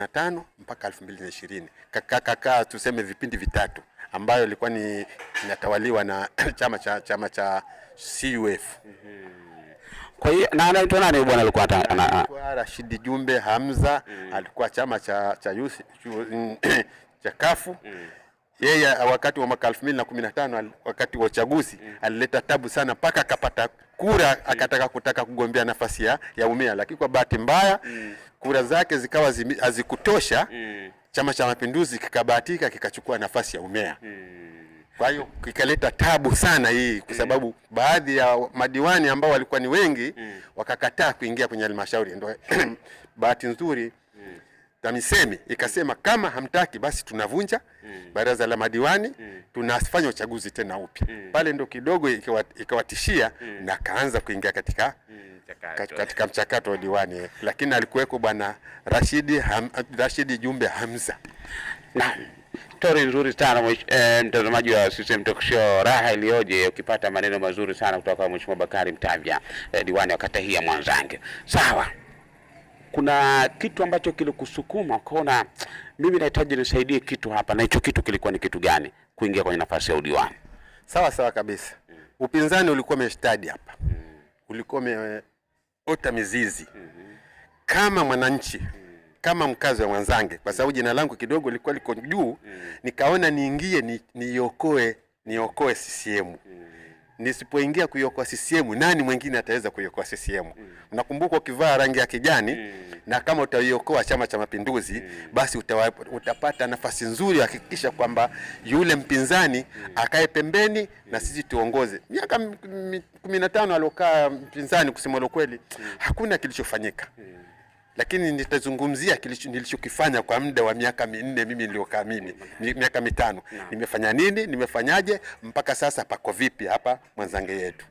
2025 mpaka 2020 kaka kaka, tuseme vipindi vitatu ambayo ilikuwa ni inatawaliwa na chama cha chama cha CUF. Mm-hmm. Kwa hiyo na anaitwa nani bwana, alikuwa Rashid Jumbe Hamza mm. alikuwa chama cha cha yusi, chu, cha kafu mm. yeye wakati wa mwaka 2015 wakati wa uchaguzi mm. alileta tabu sana mpaka akapata kura mm. akataka kutaka kugombea nafasi ya, ya umea lakini kwa bahati mbaya mm kura zake zikawa hazikutosha mm. Chama cha Mapinduzi kikabahatika kikachukua nafasi ya umea mm. Kwa hiyo kikaleta tabu sana hii kwa eh. sababu mm. baadhi ya madiwani ambao walikuwa ni wengi mm. wakakataa kuingia kwenye halmashauri. Ndio bahati nzuri mm. TAMISEMI ikasema kama hamtaki basi tunavunja mm. baraza la madiwani mm. tunafanya uchaguzi tena upya mm. pale ndo kidogo ikawatishia mm. na kaanza kuingia katika mm mchakato. katika mchakato wa diwani, lakini alikuweko bwana Rashidi, ham, Rashidi Jumbe Hamza na stori nzuri sana eh, mtazamaji wa CCM Talk Show, raha iliyoje ukipata maneno mazuri sana kutoka kwa Mheshimiwa Bakari Mtavya eh, diwani wa kata hii ya Mwanzange. Sawa, kuna kitu ambacho kilikusukuma ukaona mimi nahitaji nisaidie kitu hapa, na hicho kitu kilikuwa ni kitu gani kuingia kwenye nafasi ya udiwani? Sawa sawa kabisa. Mm. Upinzani ulikuwa umeshtadi hapa, mm. ulikuwa ota mizizi mhm. kama mwananchi kama mkazi wa Mwanzange, kwa sababu jina langu kidogo lilikuwa liko juu, mhm. nikaona niingie niokoe niokoe CCM. Mhm. Nisipoingia kuiokoa CCM, nani mwingine ataweza kuiokoa CCM? Unakumbuka ukivaa rangi ya kijani na kama utaiokoa Chama cha Mapinduzi mm. basi utawa, utapata nafasi nzuri ya kwamba yule mpinzani mm. akae pembeni mm. na sisi tuongoze. Miaka kumi na tano aliokaa mpinzani, kusema ukweli mm. hakuna kilichofanyika mm lakini nitazungumzia nilichokifanya kwa muda wa miaka minne mimi niliokaa mimi miaka mitano no. nimefanya nini, nimefanyaje mpaka sasa, pako vipi hapa Mwanzange yetu?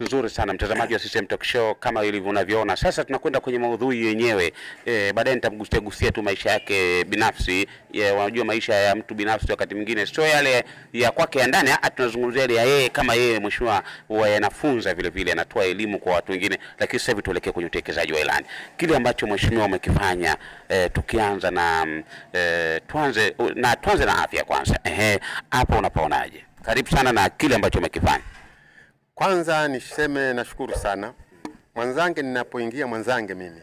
Nzuri sana mtazamaji wa CCM Talk Show, kama ilivyo unavyoona sasa, tunakwenda kwenye maudhui yenyewe. E, baadaye nitamgusia gusia tu maisha yake binafsi. ya, e, wanajua maisha ya mtu binafsi wakati mwingine sio yale ya kwake ya ndani, tunazungumzia ile ya yeye kama yeye mheshimiwa wanafunza vile vile, anatoa elimu kwa watu wengine, lakini sasa hivi tuelekee kwenye utekelezaji wa ilani, kile ambacho mheshimiwa mheshimiwa umekifanya e, eh, tukianza na e, tuanze na tuanze na afya kwanza. Ehe, hapo unapaonaje? Karibu sana na kile ambacho umekifanya. Kwanza niseme nashukuru sana mwanzange, ninapoingia mwanzange mimi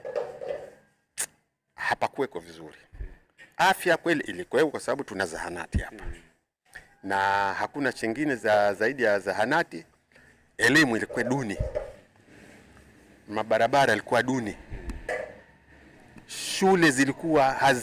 hapakuweko vizuri. Afya kweli ilikuwa kwa sababu tuna zahanati hapa na hakuna chingine za zaidi ya zahanati. Elimu ilikuwa duni, mabarabara yalikuwa duni, shule zilikuwa hazi